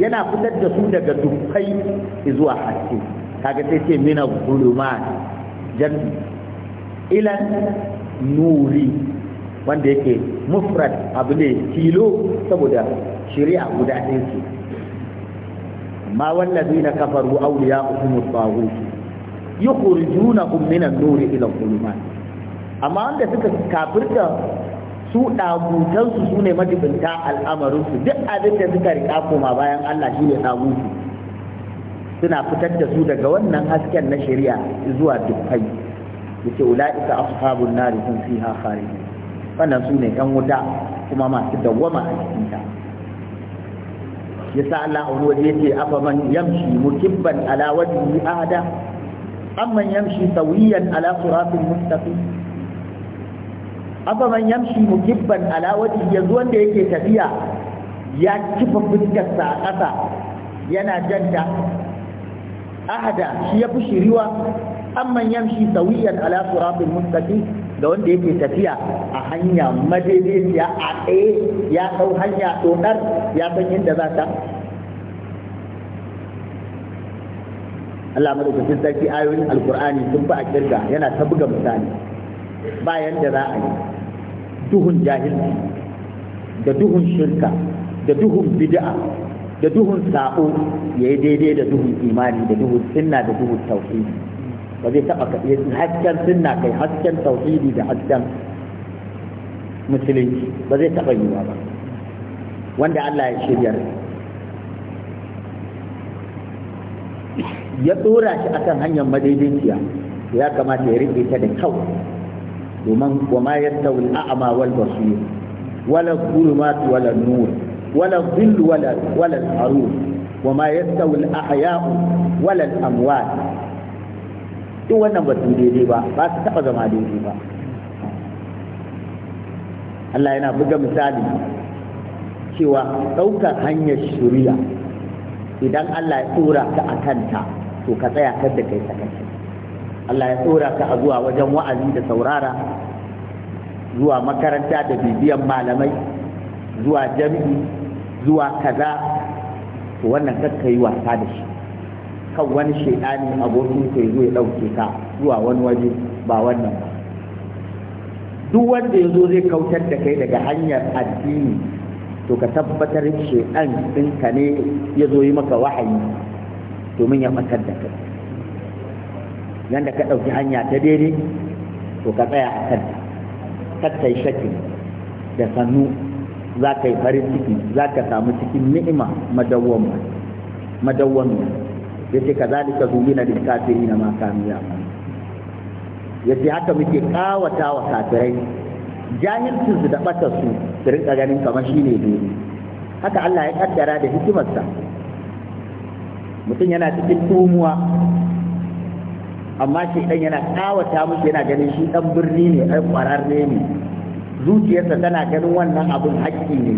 yana fitar da su daga dukkai zuwa haske kaga sai ce mina guluma jami ila nuri wanda yake mufrad abu ne tilo saboda shari'a guda ɗaya ce ma wallazi na kafaru auliya usumu tsawo yukhrijuna juna min an-nuri ila zulumat amma wanda suka kafirta su ɗagutansu su ne majibinta al'amarinsu duk abin da suka riƙa koma bayan Allah shi ne ɗagutu suna fitar da su daga wannan hasken na shari'a zuwa dukkai yace ula'ika ashabun nari sun fiha khalidun wannan su ne kan wuta kuma masu dawwama a cikin ta yasa Allah a wani waje yace afa man yamshi mukibban ala wajhi ahada amman yamshi sawiyan ala siratin mustaqim afa man yamshi mukibban ala wajhi yanzu wanda yake tafiya ya kifa fuskarsa a ƙasa yana janta ahada shi ya fi shiriwa amma yamshi sawiyan ala siratil mustaqim da wanda yake tafiya a hanya madaidaiciya a tsaye ya dau hanya dodar ya san inda za ta Allah madaukakin sarki ayoyin alkur'ani sun ba a kirga yana ta buga misali bayan da za a yi duhun jahilci da duhun shirka da duhun bid'a da duhun sa'o, ya yi daidai da duhun imani da duhun sunna da duhun tauhidi ba zai taɓa ka hasken sunna kai hasken tauhidi da hasken musulunci ba zai taɓa yiwa ba wanda Allah ya shirya ya tsora shi akan hanyar madaidaiciya ya kamata ya riƙe ta da kyau domin wa ma yastawi al'ama wal basir wala zulumat wala nur wala dhill wala wala wa ma yastawi al ahya'u wala al amwat wannan ba su daidai ba ba su taba zama daidai ba Allah yana buga misali cewa ɗaukar hanyar shuriya idan Allah ya tsora a kanta to ka tsaya Allah ya tsora a zuwa wajen wa'azi da saurara zuwa makaranta da bibiyan malamai zuwa jami'i zuwa kaza to wannan kakka yi wasa da shi kan wani shaidani abokin ka zo ya ɗauke ka zuwa wani waje ba wannan ba duk wanda ya zo zai kautar da kai daga hanyar addini to ka tabbatar shaidan ɗinka ne ya zo yi maka wahayi domin ya matar da kai yanda ka ɗauki hanya ta daidai to ka tsaya a kanta kakai shakin da sannu za ka yi farin ciki za ka samu cikin ni'ima madawwamiya ya ce ka zalika zumina da kafiri na makamiya ya ce haka muke ƙawata wa kafirai su da ɓatarsu su rinka ganin kamar shine ne dole haka Allah ya kaddara da hikimarsa mutum yana cikin tumuwa amma shi dan yana kawata musu yana ganin shi dan birni ne ai kwararre ne zuciyarsa tana ganin wannan abin haƙƙi ne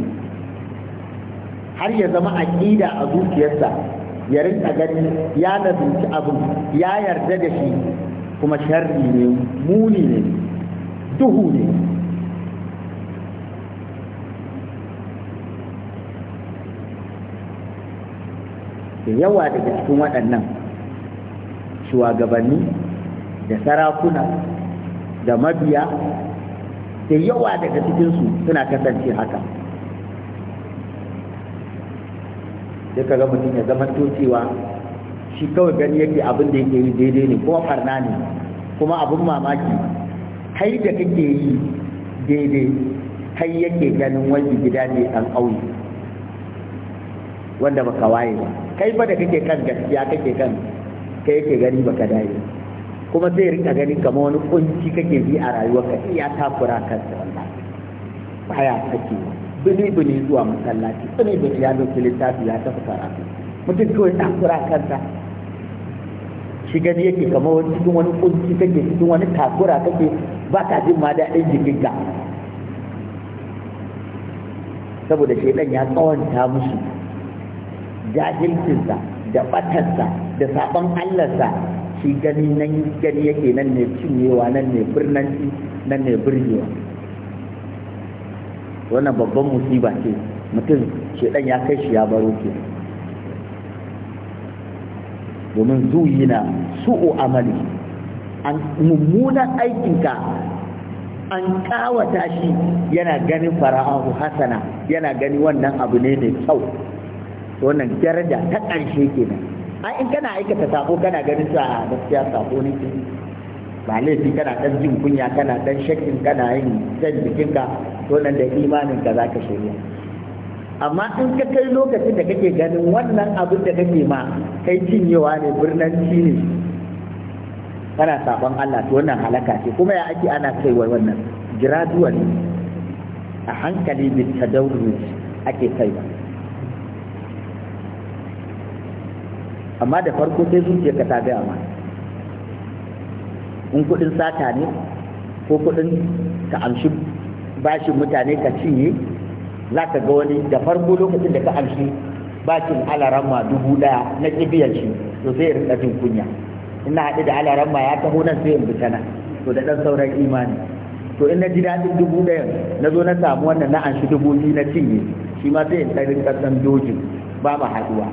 har ya zama aƙida a zuciyarsa ya rinka ganin ya nazarci abin ya yarda da shi kuma sharri ne muni ne duhu ne da yawa daga cikin waɗannan shugabanni da sarakuna da mabiya da yawa daga cikinsu suna kasance haka sai ka ga mutum ya zama cewa shi kawai gani yake abin da yake yi daidai ne kuma farna ne kuma abin mamaki kai da kake yi daidai kai yake ganin wani gida ne ɗan ƙauye wanda baka waye ba kai ba da kake kan gaskiya kake kan ka yake gani baka dai kuma zai rinka gani kamar wani kunci kake bi a ka iya takura kansa wallahi baya take bini bini zuwa masallaci bini bini ya dauki littafi ya tafi karatu mutum kawai takura kanta shi gani yake kamar wani cikin wani kunci kake cikin wani takura kake ba ka jin ma daɗin jikinka saboda shaidan ya tsawanta musu jahilcinsa da batansa da sabon allarsa shi gani nan gani yake nan ne cinyewa nan ne birnanci nan ne birgewa wannan babban musiba ce mutum dan ya kai shi ya baro ke domin zuyi na su'u amali an mummunan aikinka an kawata shi yana ganin fara'ahu hasana yana gani wannan abu ne mai kyau wannan daraja ta ƙarshe kenan A in kana aikata sako kana ganin sa gaskiya sako ne ba laifi kana dan jin kunya kana dan shakkin kana yin jikin ka to nan da imanin ka zaka shirya amma in ka kai lokacin da kake ganin wannan abin da kake ma kai cinyewa ne ci ne kana sabon Allah to wannan halaka ce kuma ya ake ana kaiwa wannan gradually a hankali bi tadawwur ake kai kaiwa amma da farko sai zuciya ka ta gaya ma in kudin sata ne ko kudin ka amshi bashin mutane ka cinye za ka ga wani da farko lokacin da ka amshi bashin alarama dubu ɗaya na kibiyar shi to sai rinka jin kunya ina haɗu da alarama ya taho nan sai in bi ta nan to da ɗan sauran imani to in na ji daɗin dubu ɗaya na zo na samu wannan na amshi dubu biyu na cinye shi ma sai in ɗan ƙasar ɗan dojin ba ma haɗuwa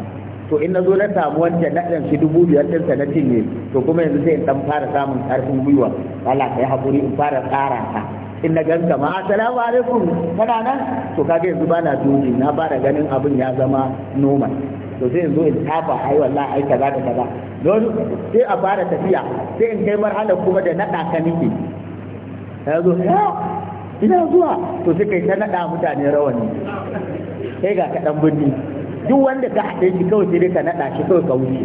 to in na zo na samu wancan na shi dubu biyar ɗinsa na cinye to kuma yanzu sai in ɗan fara samun ƙarfin gwiwa Allah ka yi haƙuri in fara tsara ka in na gan ma assalamu alaikum kana nan to kaga yanzu bana dubi na fara ganin abin ya zama normal to sai yanzu in tafa ai wallahi ai kaza da kaza don sai a fara tafiya sai in kai marhalar kuma da naɗa ka nike yanzu ina zuwa to sai kai ta naɗa mutane rawani sai ga kaɗan birni duk wanda ka haɗe shi kawai sai dai ka naɗa shi kawai ka wuce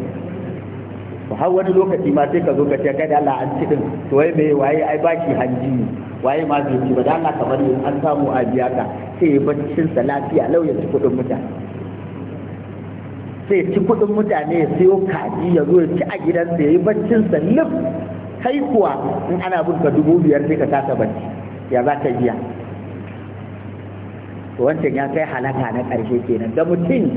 to har wani lokaci ma sai ka zo ka ce kai da Allah an ci din to wai me waye ai ba shi hanji ne waye ma zai ci ba da Allah kamar yin an samu a biya ka sai ya baccin sa lafiya lau ya ci kuɗin mutane sai ci kuɗin mutane ya sayo kaji ya zo ya ci a gidansa ya yi baccin sa lif kai kuwa in ana bin ka dubu biyar sai ka kasa bacci ya za ka biya to wancan ya kai halaka na ƙarshe kenan da mutum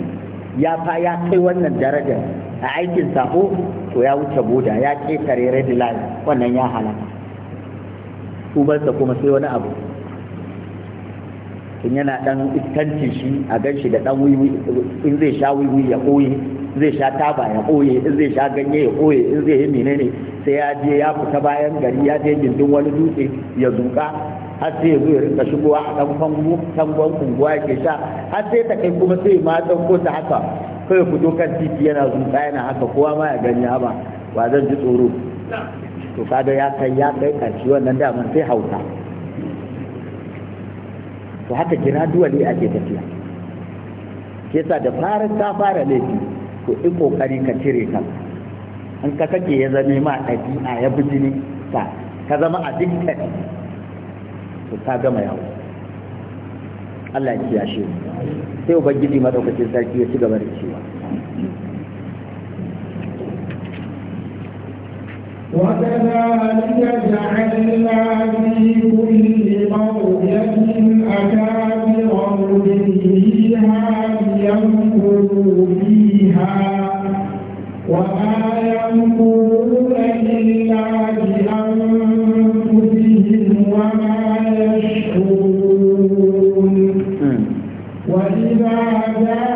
ya fa ya kai wannan darajar a aikin sako to ya wuce boda ya ƙetare red line wannan ya halaka tubarsa kuma sai wani abu in yana dan iskanci shi a gan shi da dan wiwi in zai sha wiwi ya koye zai sha taba ya koye in zai sha ganye ya koye in zai yi menene sai ya je ya fita bayan gari ya je gindin wani dutse ya zuka har sai ya zo ya rinka shigowa a kan fangu tangon unguwa yake sha har sai ta kai kuma sai ma ko ta haka kai fito kan titi yana zuka yana haka kowa ma ya gani haba ba zan ji tsoro to kaga ya kai ya kai karshe wannan daman sai hauta to haka gradually ake tafiya ke sa da fara ta fara laifi to in kokari ka cire ka in ka kake ya zame ma ɗabi'a ya bijini ka ka zama dukkan to ka gama yawo Allah ya kiyashe sai ubangiji madaukakin sarki ya ci gaba da cewa وكذلك جعلنا في كل قرية أكابر مجرميها ليمكروا فيها وما يمكرون إلا بأنفسهم وإذا جاء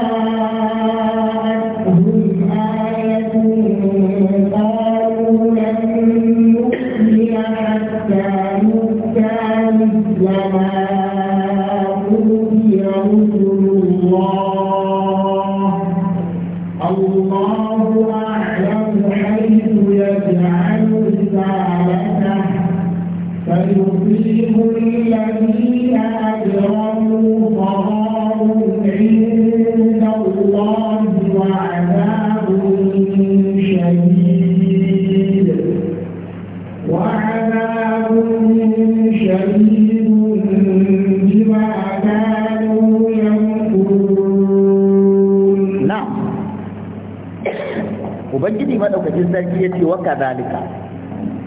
ubangiji maɗaukacin sarki ya ce wa kazalika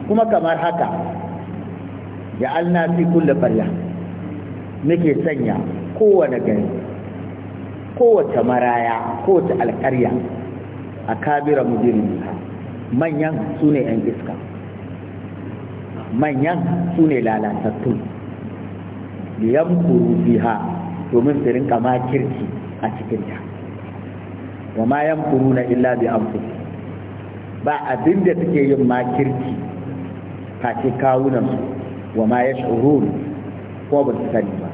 kuma kamar haka ya alna fi kulle farya muke sanya kowane gari kowace maraya kowace alƙarya a kabira mujirin manyan su ne 'yan iska manyan su ne lalatattun liyamkuru fiha domin su rinka makirci a cikinta wa ma na illa bi anfusihim ba abin da suke yin makirci face su wa ma ya shurun ko ba su sani ba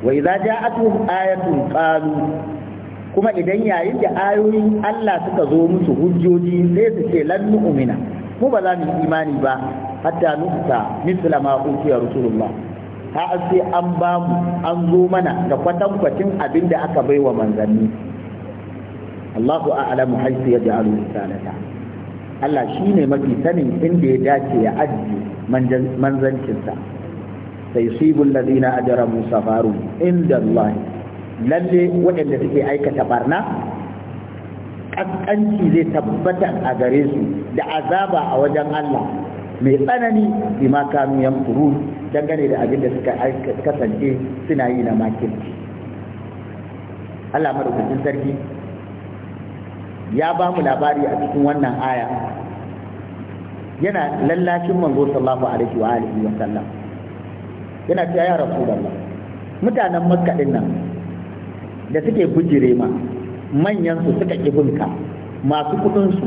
wa idza ja'atuhum ayatun qalu kuma idan yayin da ayoyin Allah suka zo musu hujjoji sai su ce lan nu'mina mu ba za mu yi imani ba hatta nusta misla ma utiya rasulullah ha sai an ba mu an zo mana da kwatankwacin abin da aka bai wa manzanni Allahu a'lamu haythu yaj'alu risalata Allah shine mafi sanin inda ya dace ya ajiye manzancinsa sai sibul ladina ajramu safaru inda Allah lalle waɗanda suke aikata barna ƙasƙanci zai tabbata a gare su da azaba a wajen Allah mai tsanani ma kanu yamkurun dangane da abin da suka kasance suna yi na makirci Allah madaukakin sarki ya ba mu labari a cikin wannan aya yana lallashin manzo sallallahu alaihi wa alihi wa sallam yana cewa ya rasulullah mutanen makka din nan da suke bujire ma manyan su suka bunka, masu kudin su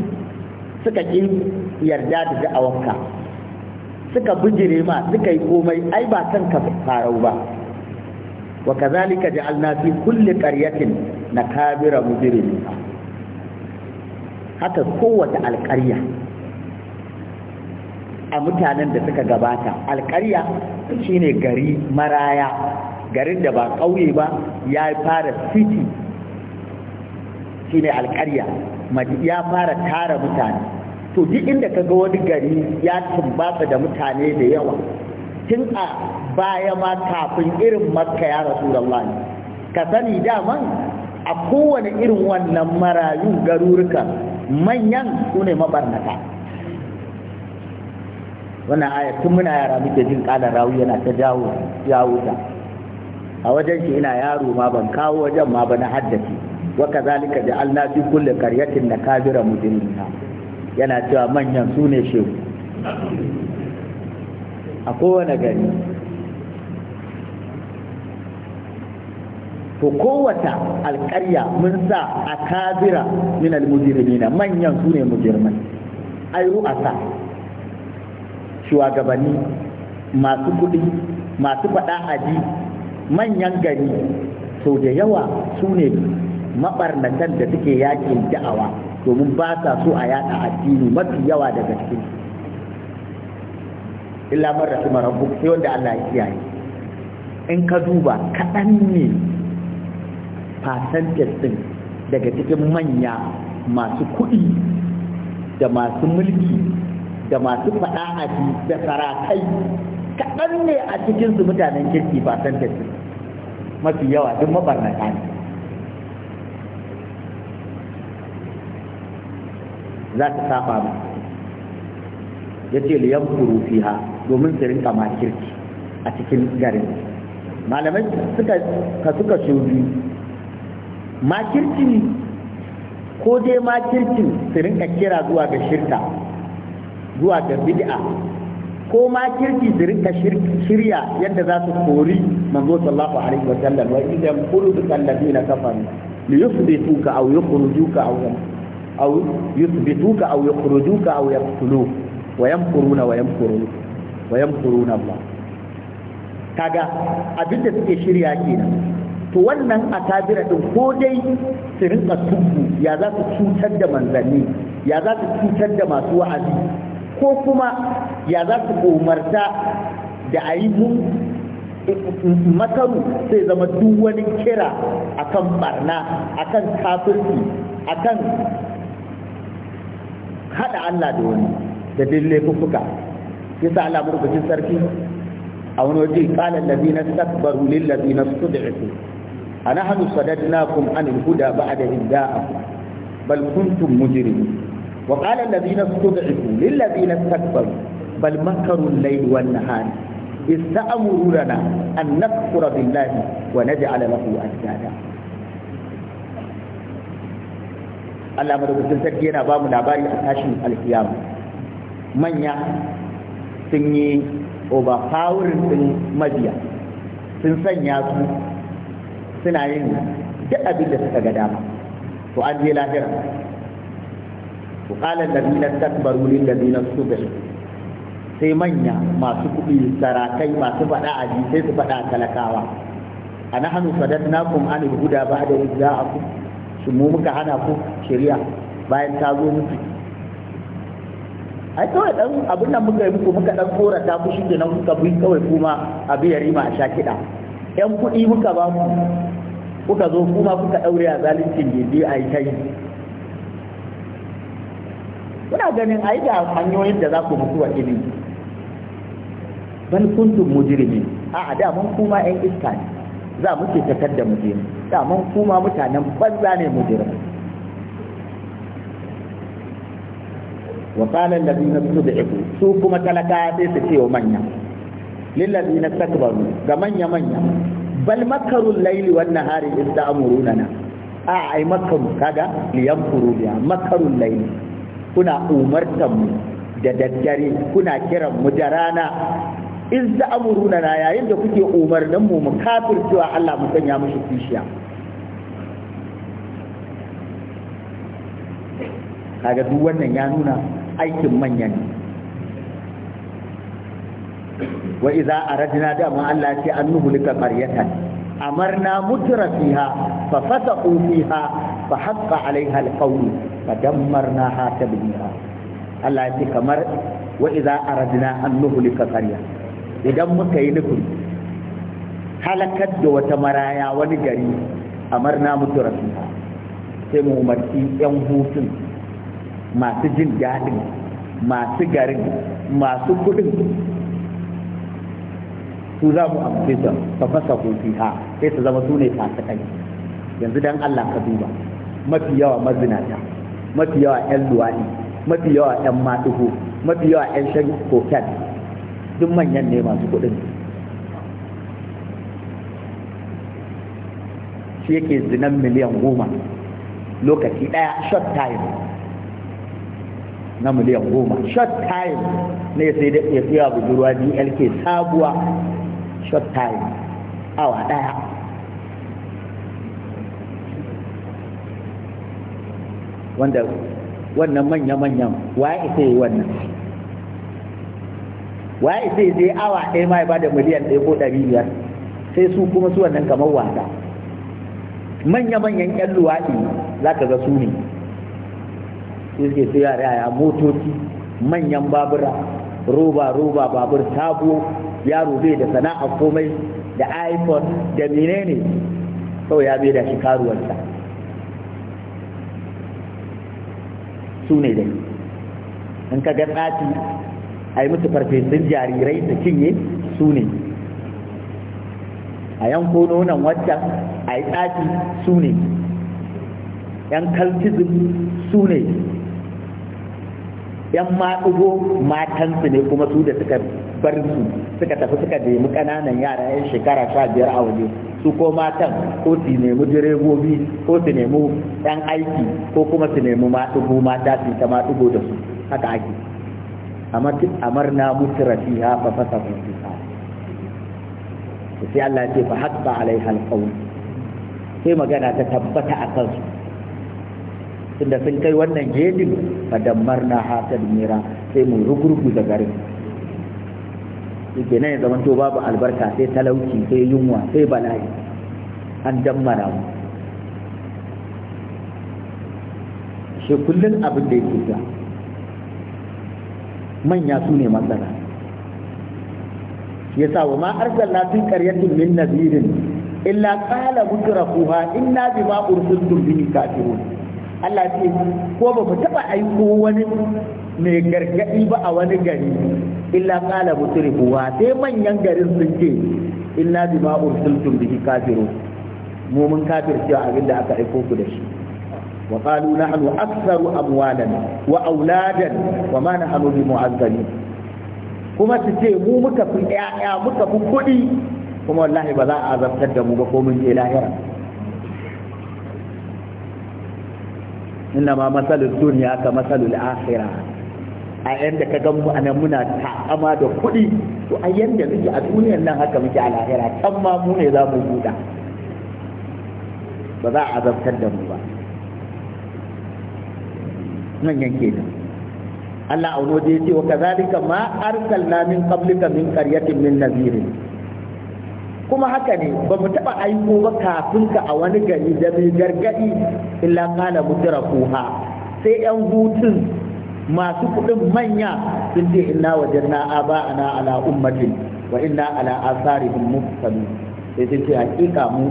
suka ki yarda da da'awarka suka bijire ma suka yi komai ai ba kan ka farau ba wa kazalika ja'alna fi kulli qaryatin nakabira mujrimin haka kowace alƙarya a mutanen da suka gabata alƙarya shine gari maraya garin da ba ƙauye ba ya fara city shine alƙarya ya fara tara mutane to duk inda ka ga wani gari ya tumbata da mutane da yawa tun a baya ma kafin irin makka ya rasu da rasulullahi ka sani daman a kowane irin wannan marayu garuruka manyan su ne mabarnata wannan aya tun muna yara muke jin kalan rawu yana ta jawo jawo ta a wajen shi ina yaro ma ban kawo wajen ma ba na haddace wa kazalika ja'alna fi kulli qaryatin nakabira mujrimina yana cewa manyan su ne shehu a kowane gari to kowata alƙarya mun sa a kabira min almujrimina manyan su ne mujirmai ai sa shugabanni masu kuɗi masu faɗa aji manyan gari sau da yawa su ne maɓarnatan da suke yakin da'awa domin ba sa so a yada addini mafi yawa daga cikin illa man rahima rabbuk sai wanda Allah ya kiyaye in ka duba kaɗan ne percentage din daga cikin manya masu kuɗi da masu mulki da masu faɗa da sarakai kaɗan ne a cikinsu mutanen kirki percentage mafi yawa duk mabarnata ne za ta saba mu ya ce fi ha domin su rinka makirci a cikin garin malamai suka ka suka shubi makirki ko dai makircin su rinka kira zuwa ga shirka zuwa ga bid'a ko kirki su rinka shirya yadda za su kori manzo sallallahu alaihi wa sallam wa idan qulu bil na kafan li yuthbituka aw yukhrijuka aw yamut aw yuthbituka aw yukhrijuka aw yaqtulu wa yamkuruna wa yamkuruna wa yamkuruna Allah kaga abinda suke shirya kenan to wannan akabira din ko dai su rinka tubu ya za su cutar da manzanni ya za su cutar da masu wa'azi ko kuma ya za su umarta da a yi makaru sai zama duk wani kira akan barna akan kafirci akan haɗa Allah da wani da duk laifuffuka yasa Allah murbucin sarki a wani waje qala allazina istakbaru lil na istud'ifu anahnu sadadnakum an al-huda ba'da idda'akum bal kuntum mujrimin wa qala allazina istud'ifu lil ladina istakbaru bal makaru al-layli wan nahar ista'muruna an nakfura billahi wa naj'ala lahu andada Allah madaukakin sarki yana ba mu labari a tashin alkiyama manya sun yi overpowering din mabiya sun sanya su suna yin duk abin da suka ga dama to an je lahira to qala alladhina takbaru lil ladina subihu sai manya masu kuɗi sarakai masu faɗa a sai su faɗa talakawa ana nahanu sadatnakum anil huda ba'da idza'akum su mu muka hana ku shari'a bayan ta zo muku ai kawai dan abin nan muka yi muku muka dan korata ku shi nan kuka bi kawai kuma a biya rima a sha kiɗa yan kuɗi muka ba mu kuka zo kuma kuka ɗaure a zaluncin gindi a yi ta yi kuna ganin ai da hanyoyin da za ku mutu wa ilimi bal kuntum mujrimin a'a da mun kuma yan iska ne za mu ke takar da mujirmi daman kuma mutanen banza ne mujirmi wa qala alladhina stud'ifu su kuma talaka sai su ce wa manya lil ladina takbaru ga manya manya bal makaru al-layli wan nahari ista'muruna a ai makaru kaga liyanfuru biya makaru al-layli kuna umartan mu da daddare kuna kiran mu da rana za da amuruna na yayin da kuke umarnin mu mu cewa Allah mu sanya mushi kishiya kaga duk wannan ya nuna aikin manya ne wa idza aradna da ma Allah ya ce an lika qaryatan amarna mutra fiha fa fasaqu fiha fa haqqa alaiha alqawl fa dammarnaha tabdira Allah ya ce kamar wa idza aradna an lika qaryatan idan muka yi nufin halakar da wata maraya wani gari a marna mutu rasu sai mu umarci 'yan hutun masu jin daɗin masu garin masu kudin su za mu amfi su fa fasa ha sai su zama su ne fasikai yanzu don Allah ka duba mafi yawa mazinata mafi yawa 'yan luwaɗi mafi yawa 'yan matuhu mafi yawa 'yan shan koken duk manyan ne masu kuɗin shi yake zinan miliyan goma lokaci ɗaya short time na miliyan goma short time ne sai da ya fiya budurwa dlk sabuwa short time awa ɗaya wanda wannan manya-manyan wa ya isa yi wannan waye sai je awa ɗaya ma ya bada miliyan ɗaya ko ɗari biyar sai su kuma su wannan kamar wanda manya-manyan ƴan luwaɗi za ka ga su ne su suke su yara yaya motoci manyan babura roba roba babur tabo yaro bai da sana'a komai da iphone da menene kawai ya bai da shi karuwarsa su ne dai in ka ga tsati a yi musu farfesun jarirai da cinye su ne a yanko nonon waccan a yi tsaki su ne yan kaltizin su ne yan maɗugo matansu ne kuma su da suka bar su suka tafi suka nemi ƙananan yara yan shekara sha biyar a waje su ko matan ko su nemi direbobi ko su nemi yan aiki ko kuma su nemi maɗugo mata su ta maɗugo da su haka ake amarna musra fiha fa fasaqu fiha sai Allah ya ce fa haqqa alaiha alqawl sai magana ta tabbata a kansu tunda sun kai wannan gedin fa dammarna ta mira sai mu rugurgu da garin yake nan ya zama to babu albarka sai talauci sai yunwa sai bala'i an dammara mu shi kullum abin da yake ta manya su ne ya sa wa ma arsalna fi qaryatin min nadirin illa qala mutrafuha inna bima ursiltum bihi kafirun Allah ce ko ba mu taba aiko wani mai gargadi ba a wani gari illa qala mutrafuha sai manyan garin sun ce inna bima ursiltum bihi kafirun mu mun kafirce abin da aka aiko ku da shi وقالوا نحن أكثر أموالا وأولادا وما نحن بمعذبين kuma su ce mu muka fi ƴaƴa muka fi kuɗi kuma wallahi ba za a azabtar da mu ba ko mun je lahira inna ma masalul duniya ka a yadda ka gan mu anan muna ta'ama da kuɗi to a yadda muke a duniyar nan haka muke a lahira can ma mu ne za mu buɗa ba za a azabtar da mu ba nan yanke ne Allah a wani ya ce wa kazalika ma na min kablika min karyatin min kuma haka ne ba mu taɓa aiko ba kafin ka a wani gari da mai gargaɗi illa kala mutura kuha sai yan hutun masu kuɗin manya sun ce inna wajen na aba ana ala ummatin wa inna ala mu muftanu sai sun ce hakika mu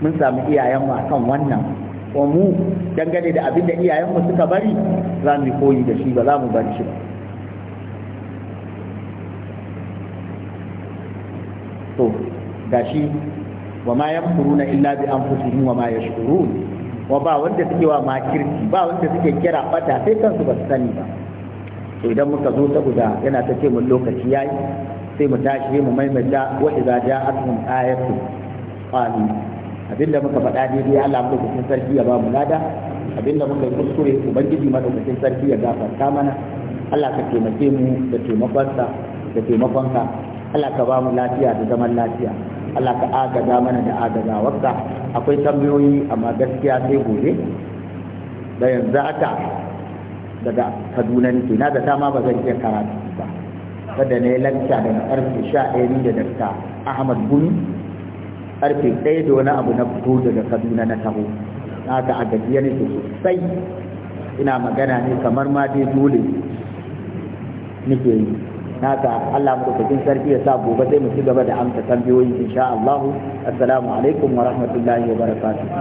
mun samu iyayen mu akan wannan ko mu dangane da abin da iyayenmu suka bari za mu koyi da shi ba za mu bari shi ba to gashi wa ma yamkuruna illa bi anfusihim wa ma yashkurun wa ba wanda suke wa makirci ba wanda suke kira bata sai kansu ba su sani ba to idan muka zo ta guda yana ta ce mun lokaci yayi sai mu tashi mu maimaita wa idza ja'atuhum ayatu qalu abinda muka faɗa daidai Allah madaukakin sarki ya ba mu lada abinda muka yi kuskure ubangiji da sarki ya gafarta mana Allah ka taimake mu da taimakonsa da taimakonka Allah ka ba mu lafiya da zaman lafiya Allah ka agaza mana da agazawarka akwai tambayoyi amma gaskiya sai gobe da yanzu aka daga Kaduna nake na da dama ba zan iya karatu ba kada na yi lanta daga karfe sha da dakta Ahmad Gumi karfe ɗaya da wani abu na fito daga kaduna na taho na ga a gajiya su sosai ina magana ne kamar ma dai dole nake yi na ga Allah madaukakin sarki ya sa gobe sai mu ci gaba da amsa tambayoyi sha Allah assalamu alaikum wa rahmatullahi wa barakatuh